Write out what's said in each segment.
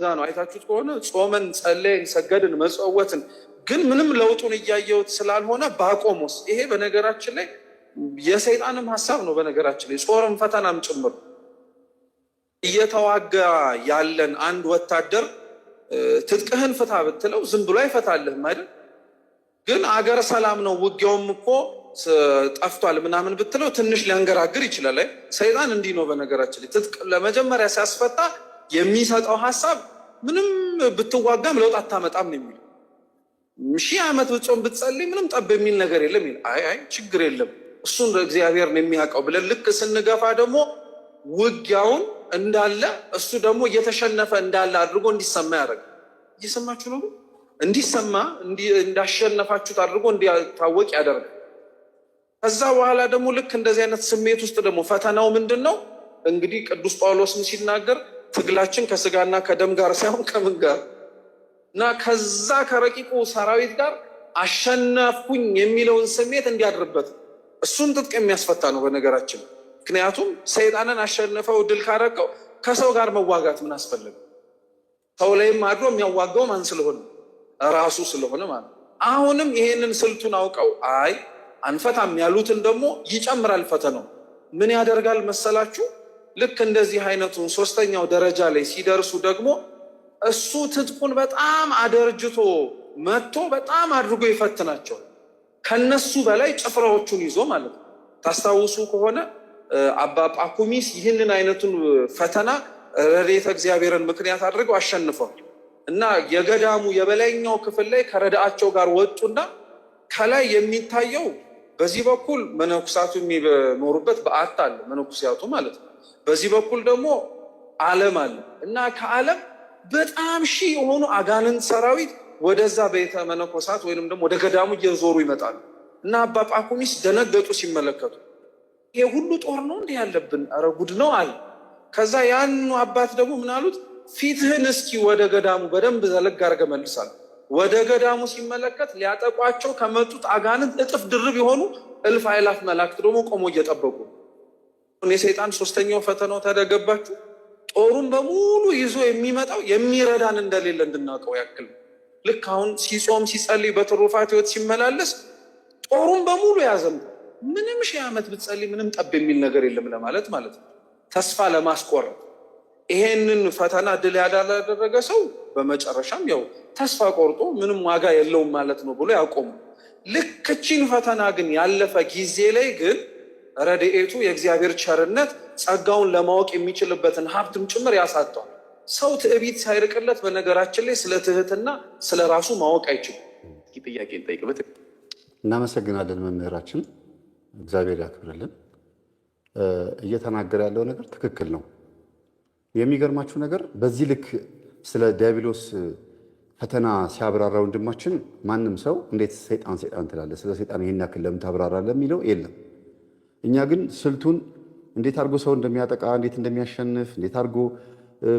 እዛ ነው። አይታችሁት ከሆነ ጾመን፣ ጸለይን፣ ሰገድን፣ መጸወትን ግን ምንም ለውጡን እያየሁት ስላልሆነ ባቆሞስ። ይሄ በነገራችን ላይ የሰይጣንም ሀሳብ ነው። በነገራችን ላይ ጾርም ፈተናም ጭምር እየተዋጋ ያለን አንድ ወታደር ትጥቅህን ፍታ ብትለው ዝም ብሎ አይፈታልህም አይደል? ግን አገር ሰላም ነው ውጊያውም እኮ ጠፍቷል ምናምን ብትለው ትንሽ ሊያንገራግር ይችላል። ሰይጣን እንዲህ ነው በነገራችን ላይ ትጥቅ ለመጀመሪያ ሲያስፈታ የሚሰጠው ሀሳብ ምንም ብትዋጋም ለውጥ አታመጣም ነው የሚለው። ሺህ ዓመት ብጾም ብትጸልይ ምንም ጠብ የሚል ነገር የለም ይል። አይ አይ ችግር የለም እሱን እግዚአብሔር ነው የሚያውቀው ብለን ልክ ስንገፋ ደግሞ ውጊያውን እንዳለ እሱ ደግሞ እየተሸነፈ እንዳለ አድርጎ እንዲሰማ ያደርጋል። እየሰማችሁ ነው እንዲሰማ እንዳሸነፋችሁት አድርጎ እንዲታወቅ ያደርጋል። ከዛ በኋላ ደግሞ ልክ እንደዚህ አይነት ስሜት ውስጥ ደግሞ ፈተናው ምንድን ነው እንግዲህ ቅዱስ ጳውሎስን ሲናገር ትግላችን ከስጋና ከደም ጋር ሳይሆን ከምን ጋር እና ከዛ ከረቂቁ ሰራዊት ጋር አሸናፍኩኝ የሚለውን ስሜት እንዲያድርበት እሱን ትጥቅ የሚያስፈታ ነው በነገራችን። ምክንያቱም ሰይጣንን አሸንፈው ድል ካረቀው ከሰው ጋር መዋጋት ምን አስፈለገ? ሰው ላይም አድሮ የሚያዋጋው ማን ስለሆነ ራሱ ስለሆነ ማለት አሁንም ይሄንን ስልቱን አውቀው አይ አንፈታም ያሉትን ደግሞ ይጨምራል ፈተናው ምን ያደርጋል መሰላችሁ ልክ እንደዚህ አይነቱን ሶስተኛው ደረጃ ላይ ሲደርሱ ደግሞ እሱ ትጥቁን በጣም አደርጅቶ መጥቶ በጣም አድርጎ ይፈትናቸዋል። ከነሱ በላይ ጭፍራዎቹን ይዞ ማለት ነው። ታስታውሱ ከሆነ አባ ጳኩሚስ ይህንን አይነቱን ፈተና ረድኤተ እግዚአብሔርን ምክንያት አድርገው አሸንፈዋል እና የገዳሙ የበላይኛው ክፍል ላይ ከረዳአቸው ጋር ወጡና ከላይ የሚታየው በዚህ በኩል መነኩሳቱ የሚኖሩበት በዓት አለ፣ መነኩሲያቱ ማለት ነው። በዚህ በኩል ደግሞ ዓለም አለ እና ከዓለም በጣም ሺህ የሆኑ አጋንንት ሰራዊት ወደዛ ቤተ መነኮሳት ወይንም ደግሞ ወደ ገዳሙ እየዞሩ ይመጣሉ እና አባ ጳኩሚስ ደነገጡ ሲመለከቱ። ይሄ ሁሉ ጦር ነው እንዲህ ያለብን፣ ኧረ ጉድ ነው አለ። ከዛ ያኑ አባት ደግሞ ምናሉት ፊትህን እስኪ ወደ ገዳሙ በደንብ ዘለግ አድርገህ መልሳል ወደ ገዳሙ ሲመለከት ሊያጠቋቸው ከመጡት አጋንንት እጥፍ ድርብ የሆኑ እልፍ አእላፍ መላእክት ደግሞ ቆሞ እየጠበቁ የሰይጣን ሶስተኛው ፈተናው ተደገባችሁ ጦሩን በሙሉ ይዞ የሚመጣው የሚረዳን እንደሌለ እንድናውቀው ያክል ልክ አሁን ሲጾም ሲጸልይ በትሩፋት ህይወት ሲመላለስ ጦሩን በሙሉ ያዘም ምንም ሺህ ዓመት ብትጸልይ ምንም ጠብ የሚል ነገር የለም ለማለት ማለት ነው። ተስፋ ለማስቆረጥ ይሄንን ፈተና ድል ያደረገ ሰው በመጨረሻም ያው ተስፋ ቆርጦ ምንም ዋጋ የለውም ማለት ነው ብሎ ያቆሙ። ልክችን ፈተና ግን ያለፈ ጊዜ ላይ ግን ረድኤቱ የእግዚአብሔር ቸርነት ጸጋውን ለማወቅ የሚችልበትን ሀብትም ጭምር ያሳጣዋል። ሰው ትዕቢት ሳይርቅለት በነገራችን ላይ ስለ ትህትና ስለ ራሱ ማወቅ አይችልም። ጥያቄ እንጠይቅበት። እናመሰግናለን መምህራችን፣ እግዚአብሔር ያክብርልን። እየተናገረ ያለው ነገር ትክክል ነው። የሚገርማችሁ ነገር በዚህ ልክ ስለ ዲያብሎስ ፈተና ሲያብራራ ወንድማችን ማንም ሰው እንዴት ሰይጣን ሰይጣን ትላለህ፣ ስለ ሰይጣን ይህን ያክል ለምን ታብራራለህ የሚለው የለም። እኛ ግን ስልቱን እንዴት አድርጎ ሰው እንደሚያጠቃ፣ እንዴት እንደሚያሸንፍ፣ እንዴት አድርጎ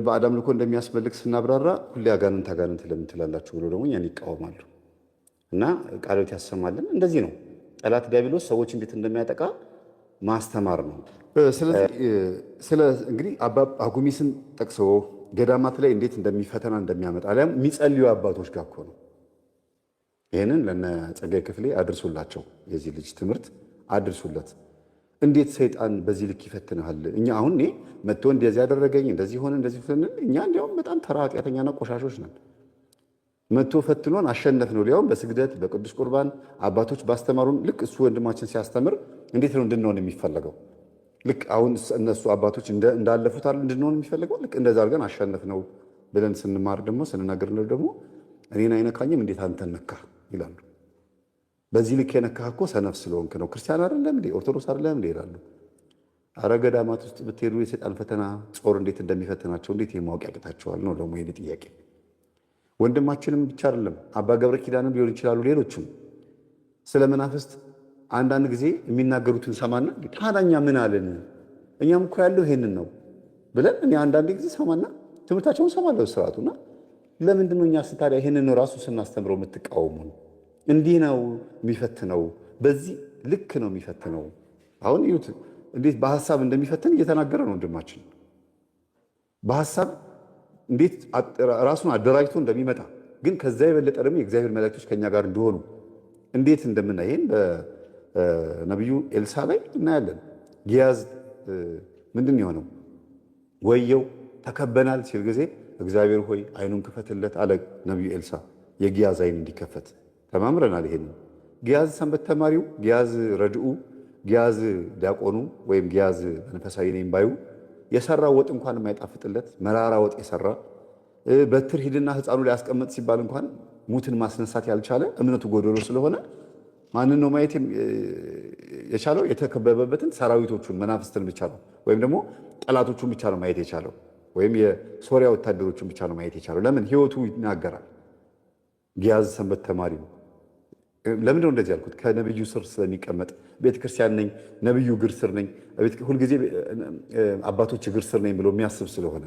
በአዳም ልኮ እንደሚያስመልክ ስናብራራ ሁሌ አጋንንት አጋንንት ለምን ትላላችሁ ብሎ ደግሞ እኛን ይቃወማሉ። እና ቃሎት ያሰማልን እንደዚህ ነው። ጠላት ዲያብሎስ ሰዎች እንዴት እንደሚያጠቃ ማስተማር ነው። ስለዚህ እንግዲህ አጉሚስን ጠቅሶ ገዳማት ላይ እንዴት እንደሚፈተና እንደሚያመጣ አሊያም የሚጸልዩ አባቶች ጋር እኮ ነው። ይህንን ለነ ጸጋይ ክፍሌ አድርሱላቸው፣ የዚህ ልጅ ትምህርት አድርሱለት። እንዴት ሰይጣን በዚህ ልክ ይፈትንሃል? እኛ አሁን እኔ መጥቶ እንደዚህ ያደረገኝ እንደዚህ ሆነ እንደዚህ ስንል እኛ እንዲያውም በጣም ተራ ኃጢአተኛና ቆሻሾች ነን። መጥቶ ፈትኖን አሸነፍ ነው። ሊያውም በስግደት በቅዱስ ቁርባን አባቶች ባስተማሩን ልክ እሱ ወንድማችን ሲያስተምር እንዴት ነው እንድንሆን የሚፈለገው? ልክ አሁን እነሱ አባቶች እንዳለፉት እንድንሆን የሚፈልገው ልክ እንደዛ አድርገን አሸነፍ ነው ብለን ስንማር ደግሞ ስንናገር ነው ደግሞ እኔን አይነካኝም እንዴት አንተን ነካ ይላሉ። በዚህ ልክ የነካህ እኮ ሰነፍ ስለሆንክ ነው። ክርስቲያን አይደለም እንዴ ኦርቶዶክስ አይደለም እንዴ ይላሉ። አረ ገዳማት ውስጥ ብትሄዱ የሰይጣን ፈተና ጾር እንዴት እንደሚፈተናቸው እንዴት የማወቅ ያቅታቸዋል ነው ደግሞ የእኔ ጥያቄ። ወንድማችንም ብቻ አይደለም አባ ገብረ ኪዳንም ሊሆን ይችላሉ ሌሎችም ስለ መናፍስት አንዳንድ ጊዜ የሚናገሩትን ሰማና ታዳኛ ምን አለን እኛም እኮ ያለው ይሄንን ነው ብለን እኔ አንዳንድ ጊዜ ሰማና ትምህርታቸውን ሰማለሁ ስርዓቱና ለምንድን ነው እኛ ታዲያ ይሄንን ነው ራሱ ስናስተምረው የምትቃወሙን? እንዲህ ነው የሚፈትነው፣ በዚህ ልክ ነው የሚፈትነው። አሁን ይሁት እንዴት በሀሳብ እንደሚፈትን እየተናገረ ነው ወንድማችን። በሀሳብ እንዴት ራሱን አደራጅቶ እንደሚመጣ ግን ከዛ የበለጠ ደግሞ የእግዚአብሔር መላእክቶች ከኛ ጋር እንደሆኑ እንዴት እንደምናይን ነቢዩ ኤልሳ ላይ እናያለን። ጊያዝ ምንድን የሆነው ወየው ተከበናል ሲል ጊዜ እግዚአብሔር ሆይ አይኑን ክፈትለት አለ ነቢዩ ኤልሳ የጊያዝ አይን እንዲከፈት ተማምረናል። ይሄን ጊያዝ ሰንበት ተማሪው፣ ጊያዝ ረድኡ፣ ጊያዝ ዲያቆኑ ወይም ጊያዝ መንፈሳዊ ነኝ ባዩ የሰራ ወጥ እንኳን የማይጣፍጥለት መራራ ወጥ የሰራ በትር ሂድና ላይ ሊያስቀምጥ ሲባል እንኳን ሙትን ማስነሳት ያልቻለ እምነቱ ጎደሎ ስለሆነ ማንን ነው ማየት የቻለው? የተከበበበትን ሰራዊቶቹን መናፍስትን ብቻ ነው፣ ወይም ደግሞ ጠላቶቹን ብቻ ነው ማየት የቻለው፣ ወይም የሶሪያ ወታደሮቹን ብቻ ነው ማየት የቻለው። ለምን? ህይወቱ ይናገራል። ጊያዝ ሰንበት ተማሪ ነው። ለምንድን ነው እንደዚህ ያልኩት? ከነብዩ ስር ስለሚቀመጥ ቤተክርስቲያን ነኝ፣ ነብዩ እግር ስር ነኝ፣ ሁልጊዜ አባቶች እግር ስር ነኝ ብሎ የሚያስብ ስለሆነ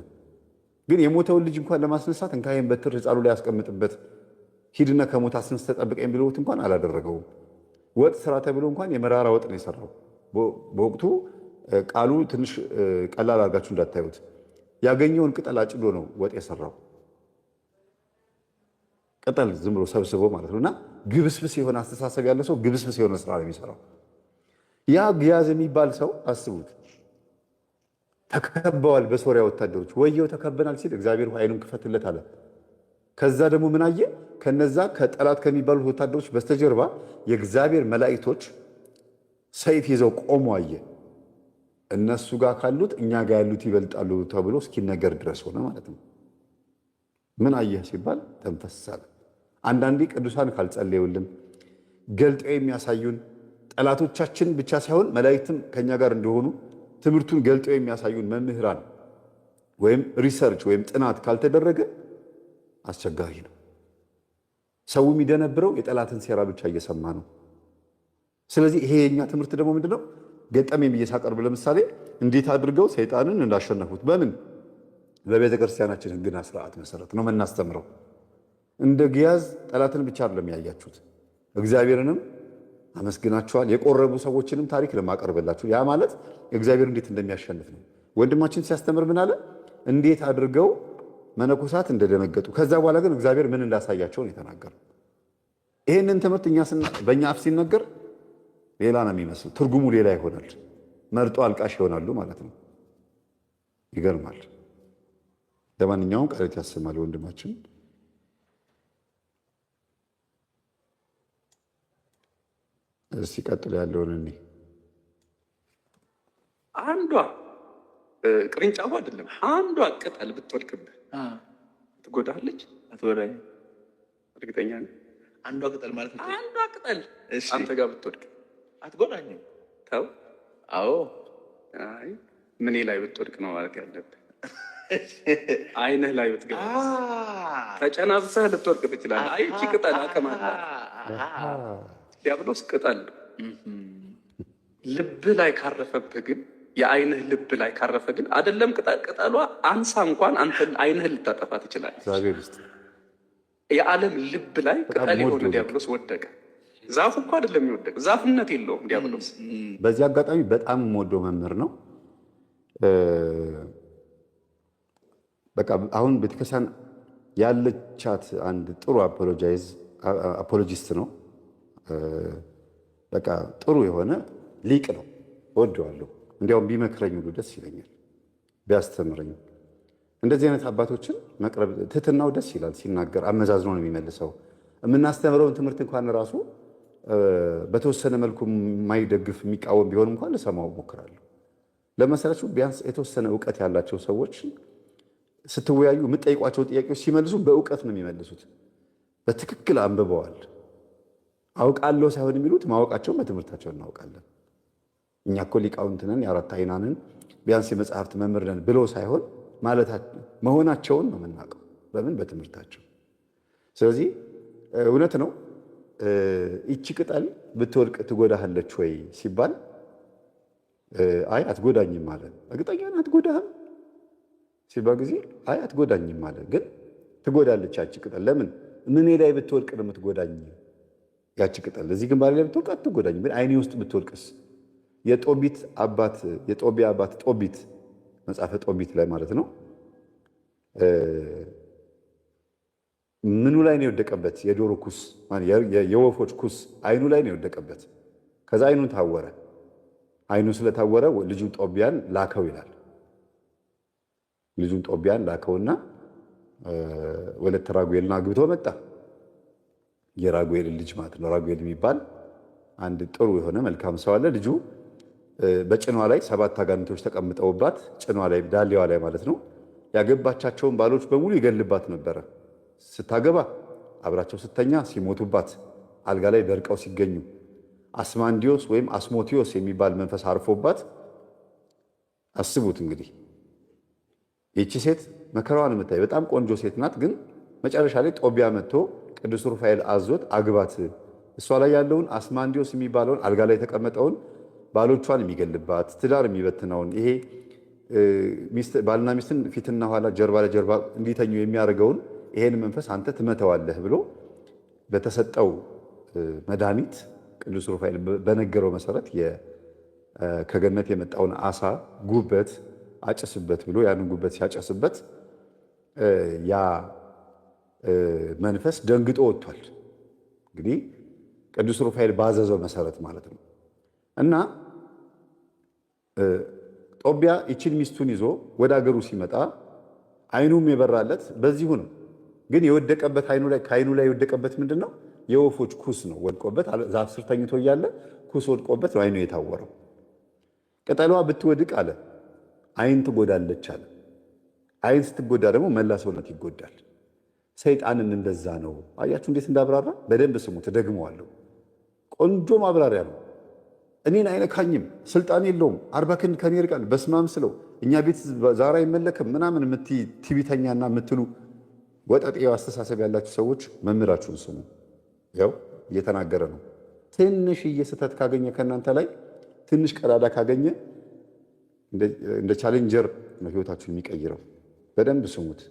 ግን የሞተውን ልጅ እንኳን ለማስነሳት እንካይን በትር ህፃኑ ላይ ያስቀምጥበት ሂድና ከሞት አስነስተህ ጠብቀኝ ብሎት እንኳን አላደረገውም። ወጥ ስራ ተብሎ እንኳን የመራራ ወጥ ነው የሰራው። በወቅቱ ቃሉ ትንሽ ቀላል አድርጋችሁ እንዳታዩት፣ ያገኘውን ቅጠል አጭዶ ነው ወጥ የሰራው። ቅጠል ዝም ብሎ ሰብስቦ ማለት ነው። እና ግብስብስ የሆነ አስተሳሰብ ያለ ሰው ግብስብስ የሆነ ስራ ነው የሚሰራው። ያ ግያዝ የሚባል ሰው አስቡት፣ ተከበዋል በሶሪያ ወታደሮች። ወየው ተከበናል ሲል እግዚአብሔር አይኑን ክፈትለት አለ። ከዛ ደግሞ ምን አየ? ከነዛ ከጠላት ከሚባሉ ወታደሮች በስተጀርባ የእግዚአብሔር መላእክቶች ሰይፍ ይዘው ቆሞ አየ። እነሱ ጋር ካሉት እኛ ጋር ያሉት ይበልጣሉ ተብሎ እስኪነገር ድረስ ሆነ ማለት ነው። ምን አየህ ሲባል ተንፈሳለ። አንዳንዴ ቅዱሳን ካልጸለዩልን ገልጦ የሚያሳዩን ጠላቶቻችን ብቻ ሳይሆን መላእክትም ከኛ ጋር እንደሆኑ ትምህርቱን ገልጦ የሚያሳዩን መምህራን ወይም ሪሰርች ወይም ጥናት ካልተደረገ አስቸጋሪ ነው። ሰው የሚደነብረው የጠላትን ሴራ ብቻ እየሰማ ነው። ስለዚህ ይሄ የኛ ትምህርት ደግሞ ምንድነው? ገጠመኝ ብዬ ሳቀርብ ለምሳሌ እንዴት አድርገው ሰይጣንን እንዳሸነፉት በምን በቤተ ክርስቲያናችን ህግና ስርዓት መሰረት ነው የምናስተምረው። እንደ ግያዝ ጠላትን ብቻ አይደለም ያያችሁት፣ እግዚአብሔርንም አመስግናችኋል። የቆረቡ ሰዎችንም ታሪክ ለማቀርብላችሁ ያ ማለት እግዚአብሔር እንዴት እንደሚያሸንፍ ነው። ወንድማችን ሲያስተምር ምን አለ? እንዴት አድርገው መነኮሳት እንደደነገጡ ከዛ በኋላ ግን እግዚአብሔር ምን ነው የተናገሩ? ይህንን ትምህርት በእኛ አፍ ሲነገር ሌላ ነው የሚመስል፣ ትርጉሙ ሌላ ይሆናል። መርጦ አልቃሽ ይሆናሉ ማለት ነው። ይገርማል። ለማንኛውም ቀረት ያሰማል ወንድማችን እስቲ ቀጥሎ ያለውን እኔ አንዷ ቅርንጫፉ አይደለም አንዷ ቅጠል ብትወድቅብህ ትጎዳለች። እርግጠኛ ነኝ። አንዷ ቅጠል ማለት ነው። አንዷ ቅጠል አንተ ጋር ብትወድቅ አትጎዳኝም። ተው። አዎ። አይ ምኔ ላይ ብትወድቅ ነው ማለት ያለብህ። አይነህ ላይ ብትገባ ተጨናብሰህ ልትወድቅ ትችላለህ። አይ እቺ ቅጠል አከማለ ዲያብሎስ ቅጠል ልብህ ላይ ካረፈብህ ግን የአይንህ ልብ ላይ ካረፈ ግን አይደለም ቅጠሏ አንሳ እንኳን አንተን አይንህ ልታጠፋ ትችላለች። የዓለም ልብ ላይ ቅጠል የሆነ ዲያብሎስ ወደቀ። ዛፍ እኮ አደለም የሚወደቅ ዛፍነት የለውም ዲያብሎስ። በዚህ አጋጣሚ በጣም ወዶ መምህር ነው። በቃ አሁን ቤተክርስቲያን ያለቻት አንድ ጥሩ አፖሎጂስት ነው። በቃ ጥሩ የሆነ ሊቅ ነው። እወደዋለሁ። እንዲያውም ቢመክረኝ ሁሉ ደስ ይለኛል፣ ቢያስተምረኝ። እንደዚህ አይነት አባቶችን መቅረብ ትህትናው ደስ ይላል። ሲናገር አመዛዝኖ ነው የሚመልሰው። የምናስተምረውን ትምህርት እንኳን ራሱ በተወሰነ መልኩ የማይደግፍ የሚቃወም ቢሆን እንኳን ልሰማው ሞክራለሁ። ለመሰረቱ ቢያንስ የተወሰነ እውቀት ያላቸው ሰዎች ስትወያዩ የምጠይቋቸውን ጥያቄዎች ሲመልሱ በእውቀት ነው የሚመልሱት። በትክክል አንብበዋል። አውቃለሁ ሳይሆን የሚሉት ማወቃቸውን በትምህርታቸው እናውቃለን። እኛ እኮ ሊቃውንት ነን፣ የአራት አይናንን ቢያንስ የመጽሐፍት መምህር ነን ብሎ ሳይሆን መሆናቸውን ነው የምናውቀው። በምን በትምህርታቸው። ስለዚህ እውነት ነው። ይቺ ቅጠል ብትወድቅ ትጎዳሃለች ወይ ሲባል አይ አትጎዳኝም አለ። እርግጠኛ አትጎዳህም ሲባል ጊዜ አይ አትጎዳኝም አለ። ግን ትጎዳለች ያቺ ቅጠል። ለምን ምኔ ላይ ብትወድቅ ነው የምትጎዳኝ ያቺ ቅጠል? እዚህ ግንባሬ ላይ ብትወድቅ አትጎዳኝም። ግን አይኔ ውስጥ ብትወድቅስ የጦቢት አባት የጦቢያ አባት ጦቢት መጽሐፈ ጦቢት ላይ ማለት ነው። ምኑ ላይ ነው የወደቀበት? የዶሮ ኩስ፣ የወፎች ኩስ አይኑ ላይ ነው የወደቀበት። ከዛ አይኑ ታወረ። አይኑ ስለታወረ ልጁ ጦቢያን ላከው ይላል። ልጁን ጦቢያን ላከውና ወለተ ራጉኤልን አግብቶ መጣ። የራጉኤልን ልጅ ማለት ነው። ራጉኤል የሚባል አንድ ጥሩ የሆነ መልካም ሰው አለ ልጁ በጭኗ ላይ ሰባት አጋንንቶች ተቀምጠውባት ጭኗ ላይ ዳሌዋ ላይ ማለት ነው ያገባቻቸውን ባሎች በሙሉ ይገልባት ነበረ። ስታገባ አብራቸው ስተኛ ሲሞቱባት አልጋ ላይ ደርቀው ሲገኙ አስማንዲዮስ ወይም አስሞቲዮስ የሚባል መንፈስ አርፎባት አስቡት እንግዲህ ይቺ ሴት መከራዋን የምታይ በጣም ቆንጆ ሴት ናት። ግን መጨረሻ ላይ ጦቢያ መጥቶ ቅዱስ ሩፋኤል አዞት አግባት፣ እሷ ላይ ያለውን አስማንዲዮስ የሚባለውን አልጋ ላይ የተቀመጠውን ባሎቿን የሚገልባት ትዳር የሚበትነውን ይሄ ባልና ሚስትን ፊትና ኋላ ጀርባ ለጀርባ እንዲተኙ የሚያደርገውን ይሄን መንፈስ አንተ ትመተዋለህ ብሎ በተሰጠው መድኃኒት ቅዱስ ሩፋኤል በነገረው መሰረት ከገነት የመጣውን አሳ ጉበት አጨስበት ብሎ ያንን ጉበት ሲያጨስበት ያ መንፈስ ደንግጦ ወጥቷል። እንግዲህ ቅዱስ ሩፋኤል ባዘዘው መሰረት ማለት ነው እና ጦቢያ ይችን ሚስቱን ይዞ ወደ አገሩ ሲመጣ አይኑም የበራለት በዚሁ ነው። ግን የወደቀበት አይኑ ላይ ከአይኑ ላይ የወደቀበት ምንድን ነው? የወፎች ኩስ ነው። ወድቆበት ዛፍ ስር ተኝቶ እያለ ኩስ ወድቆበት ነው አይኑ የታወረው። ቅጠሏ ብትወድቅ አለ አይን ትጎዳለች አለ። አይን ስትጎዳ ደግሞ መላ ሰውነት ይጎዳል። ሰይጣንም እንደዛ ነው። አያችሁ እንዴት እንዳብራራ በደንብ ስሙ። ተደግመዋለሁ። ቆንጆ ማብራሪያ ነው። እኔን አይነካኝም፣ ስልጣን የለውም፣ አርባ ክንድ ከኔ ይርቃል፣ በስማም ስለው እኛ ቤት ዛር አይመለክም ምናምን የምት ትቢተኛና የምትሉ ወጠጤ አስተሳሰብ ያላችሁ ሰዎች መምህራችሁን ስሙ። ያው እየተናገረ ነው። ትንሽዬ ስህተት ካገኘ ከእናንተ ላይ ትንሽ ቀዳዳ ካገኘ እንደ ቻሌንጀር ነው ህይወታችሁ የሚቀይረው። በደንብ ስሙት።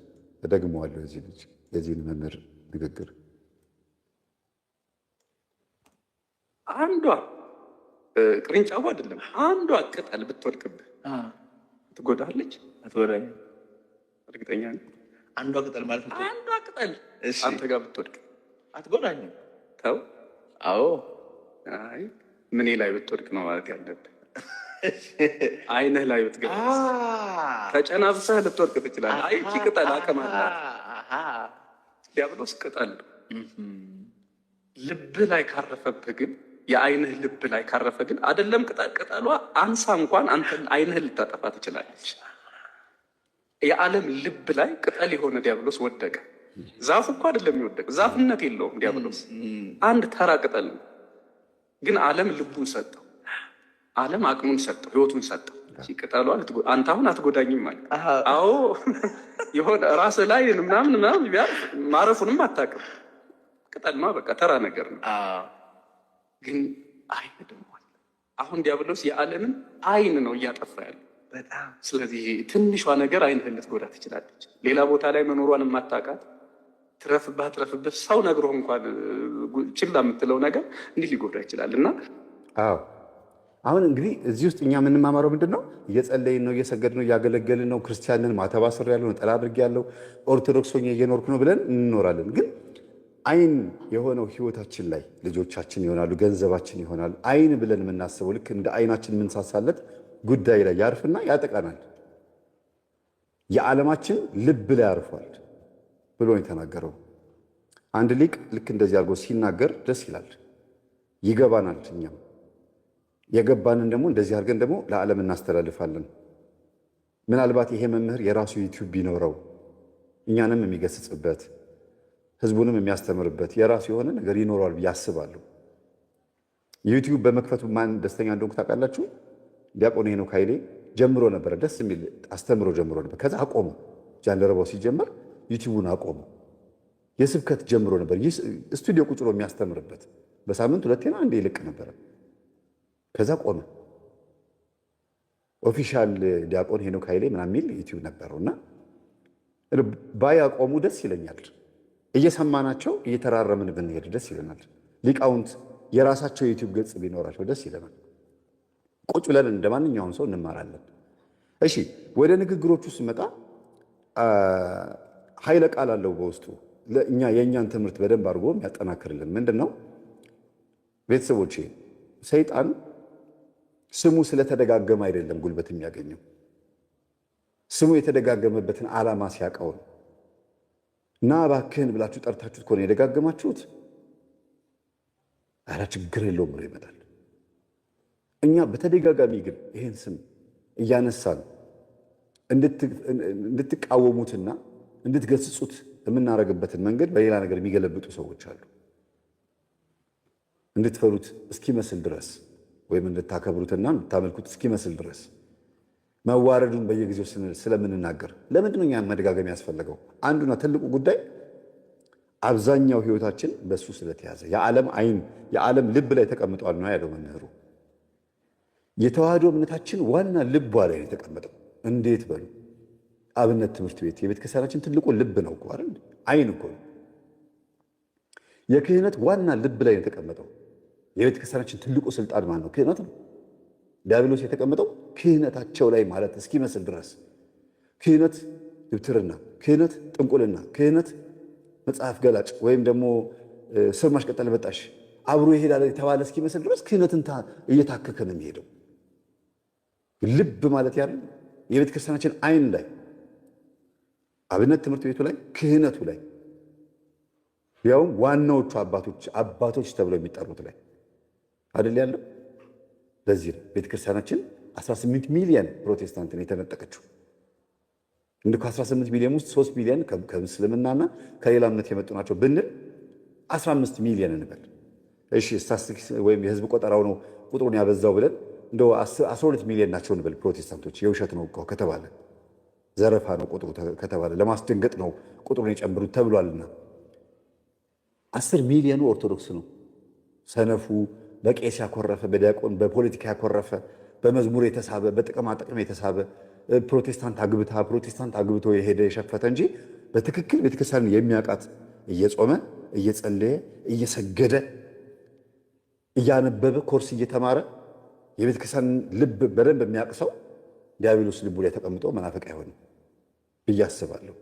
እደግመዋለሁ የዚህ ልጅ የዚህን መምህር ንግግር አንዷ ቅርንጫፉ አይደለም አንዷ ቅጠል ብትወድቅብህ ትጎዳለች? አትጎዳኝ። እርግጠኛ ነኝ። አንዷ ቅጠል ማለት አንዷ ቅጠል አንተ ጋር ብትወድቅ አትጎዳኝ። ተው። አዎ። አይ ምኔ ላይ ብትወድቅ ነው ማለት ያለብህ። አይንህ ላይ ብትገባ ተጨናብሰህ ልትወድቅ ትችላለህ። አይ እቺ ቅጠል አቅም አላት። ዲያብሎስ ቅጠል ልብህ ላይ ካረፈብህ ግን የአይንህ ልብ ላይ ካረፈ ግን አይደለም ቅጠሏ አንሳ እንኳን አንተ አይንህ ልታጠፋ ትችላለች። የዓለም ልብ ላይ ቅጠል የሆነ ዲያብሎስ ወደቀ። ዛፍ እኮ አይደለም የሚወደቅ ዛፍነት የለውም ዲያብሎስ አንድ ተራ ቅጠል ነው። ግን ዓለም ልቡን ሰጠው፣ ዓለም አቅሙን ሰጠው፣ ህይወቱን ሰጠው። ቅጠሏ አንተ አሁን አትጎዳኝም ማለት አዎ፣ የሆነ ራስ ላይ ምናምን ምናምን ማረፉንም አታውቅም። ቅጠል በቃ ተራ ነገር ነው። ግን አይን ደሟል። አሁን ዲያብሎስ የዓለምን አይን ነው እያጠፋ ያለ በጣም ስለዚህ ትንሿ ነገር አይን አይንህን ጎዳ ትችላለች። ሌላ ቦታ ላይ መኖሯን የማታውቃት ትረፍባ ትረፍበት ሰው ነግሮ እንኳን ችላ የምትለው ነገር እንዲህ ሊጎዳ ይችላል እና አዎ አሁን እንግዲህ እዚህ ውስጥ እኛ የምንማማረው ምንድን ነው? እየጸለይን ነው፣ እየሰገድን ነው፣ እያገለገልን ነው፣ ክርስቲያንን ማተባሰር ያለው ነው፣ ጠላ አድርጌ ያለው ኦርቶዶክስ ሆኜ እየኖርኩ ነው ብለን እንኖራለን ግን አይን የሆነው ህይወታችን ላይ ልጆቻችን ይሆናሉ፣ ገንዘባችን ይሆናሉ። አይን ብለን የምናስበው ልክ እንደ አይናችን የምንሳሳለት ጉዳይ ላይ ያርፍና ያጠቃናል። የዓለማችን ልብ ላይ ያርፏል ብሎ የተናገረው አንድ ሊቅ ልክ እንደዚህ አድርጎ ሲናገር ደስ ይላል፣ ይገባናል። እኛም የገባንን ደግሞ እንደዚህ አድርገን ደግሞ ለዓለም እናስተላልፋለን። ምናልባት ይሄ መምህር የራሱ ዩቲዩብ ቢኖረው እኛንም የሚገስጽበት ህዝቡንም የሚያስተምርበት የራሱ የሆነ ነገር ይኖረዋል ብዬ አስባለሁ። ዩቲዩብ በመክፈቱ ማን ደስተኛ እንደሆንኩ ታውቃላችሁ? ዲያቆን ሄኖክ ኃይሌ ጀምሮ ነበረ፣ ደስ የሚል አስተምሮ ጀምሮ ነበር። ከዛ አቆመ። ጃንደረባው ሲጀመር ዩቲዩቡን አቆመ። የስብከት ጀምሮ ነበር፣ ስቱዲዮ ቁጭ የሚያስተምርበት በሳምንት ሁለቴና አንዴ ይልቅ ነበረ። ከዛ ቆመ። ኦፊሻል ዲያቆን ሄኖክ ኃይሌ ምናምን የሚል ዩቲዩብ ነበረው እና ባያቆሙ ደስ ይለኛል። እየሰማናቸው እየተራረምን ብንሄድ ደስ ይለናል። ሊቃውንት የራሳቸው የዩቲዩብ ገጽ ቢኖራቸው ደስ ይለናል። ቁጭ ብለን እንደ ማንኛውም ሰው እንማራለን። እሺ፣ ወደ ንግግሮቹ ስመጣ ኃይለ ቃል አለው በውስጡ ለእኛ የእኛን ትምህርት በደንብ አድርጎ የሚያጠናክርልን ምንድን ነው? ቤተሰቦች ሰይጣን ስሙ ስለተደጋገመ አይደለም ጉልበት የሚያገኘው ስሙ የተደጋገመበትን ዓላማ ሲያውቀው ነው። ና እባክህን ብላችሁ ጠርታችሁት ከሆነ የደጋገማችሁት፣ ኧረ ችግር የለውም ብሎ ይመጣል። እኛ በተደጋጋሚ ግን ይህን ስም እያነሳን እንድትቃወሙትና እንድትገስጹት የምናደርግበትን መንገድ በሌላ ነገር የሚገለብጡ ሰዎች አሉ። እንድትፈሩት እስኪመስል ድረስ ወይም እንድታከብሩትና እንድታመልኩት እስኪመስል ድረስ መዋረዱን በየጊዜው ስንል ስለምንናገር ለምንድነው ነው እኛን መደጋገም ያስፈለገው? አንዱና ትልቁ ጉዳይ አብዛኛው ህይወታችን በእሱ ስለተያዘ የዓለም አይን የዓለም ልብ ላይ ተቀምጧል ነው ያለው መምህሩ። የተዋህዶ እምነታችን ዋና ልቧ ላይ ነው የተቀመጠው። እንዴት በሉ አብነት ትምህርት ቤት የቤተ ክርስቲያናችን ትልቁ ልብ ነው እኮ አይደል? አይን እኮ የክህነት ዋና ልብ ላይ ነው የተቀመጠው። የቤተ ክርስቲያናችን ትልቁ ስልጣን ማን ነው? ክህነት ነው። ዲያብሎስ የተቀመጠው ክህነታቸው ላይ ማለት እስኪመስል ድረስ ክህነት ግብትርና፣ ክህነት ጥንቁልና፣ ክህነት መጽሐፍ ገላጭ ወይም ደግሞ ስር ማሽቀጠል በጣሽ አብሮ ይሄዳል የተባለ እስኪመስል ድረስ ክህነትን እየታከከ ነው የሚሄደው። ልብ ማለት ያለ የቤተክርስቲያናችን አይን ላይ አብነት ትምህርት ቤቱ ላይ ክህነቱ ላይ ያውም ዋናዎቹ አባቶች አባቶች ተብለው የሚጠሩት ላይ አደል ያለው ለዚህ ነው ቤተክርስቲያናችን 18 ሚሊዮን ነው የተነጠቀችው። እንደ 18 ሚሊዮን ውስጥ 3 ሚሊዮን ከምስልምናና ከሌላ እምነት የመጡ ናቸው ብንል 15 ሚሊዮን እንበል። እሺ ስታስቲክስ ወይም የህዝብ ቆጠራው ነው ቁጥሩን ያበዛው ብለን እንደ 12 ሚሊዮን ናቸው እንበል። ፕሮቴስታንቶች የውሸት ነው ከተባለ ዘረፋ ነው ቁጥሩ ከተባለ ለማስደንገጥ ነው ቁጥሩን የጨምሩት ተብሏልና፣ 10 ሚሊዮኑ ኦርቶዶክስ ነው ሰነፉ በቄስ ያኮረፈ፣ በዲያቆን በፖለቲካ ያኮረፈ፣ በመዝሙር የተሳበ፣ በጥቅማጥቅም የተሳበ ፕሮቴስታንት አግብታ ፕሮቴስታንት አግብቶ የሄደ የሸፈተ እንጂ በትክክል ቤተክርስቲያን የሚያውቃት እየጾመ እየጸለየ እየሰገደ እያነበበ ኮርስ እየተማረ የቤተክርስቲያን ልብ በደንብ የሚያውቅ ሰው ዲያብሎስ ልቡ ላይ ተቀምጦ መናፈቅ አይሆንም ብዬ አስባለሁ።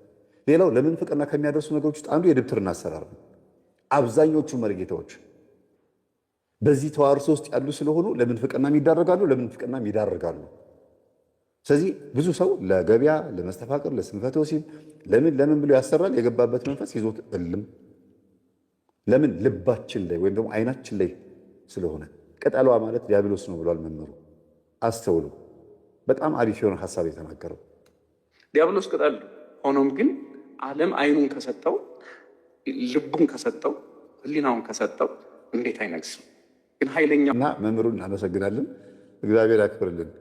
ሌላው ለምንፍቅና ከሚያደርሱ ነገሮች ውስጥ አንዱ የድብትርና አሰራር ነው። አብዛኞቹ መርጌታዎች በዚህ ተዋርሶ ውስጥ ያሉ ስለሆኑ ለምንፍቅናም ይዳረጋሉ፣ ለምንፍቅናም ይዳረጋሉ። ስለዚህ ብዙ ሰው ለገበያ ለመስተፋቅር፣ ለስንፈተ ወሲብ ለምን ለምን ብሎ ያሰራል። የገባበት መንፈስ ይዞት እልም ለምን ልባችን ላይ ወይም ደግሞ አይናችን ላይ ስለሆነ ቅጠሏ ማለት ዲያብሎስ ነው ብሏል መምህሩ። አስተውሉ። በጣም አሪፍ የሆነ ሀሳብ የተናገረው ዲያብሎስ ቅጠል ሆኖም ግን ዓለም አይኑን ከሰጠው ልቡን ከሰጠው ህሊናውን ከሰጠው እንዴት አይነግስም? ግን ኃይለኛ እና መምህሩን እናመሰግናለን። እግዚአብሔር ያክብርልን።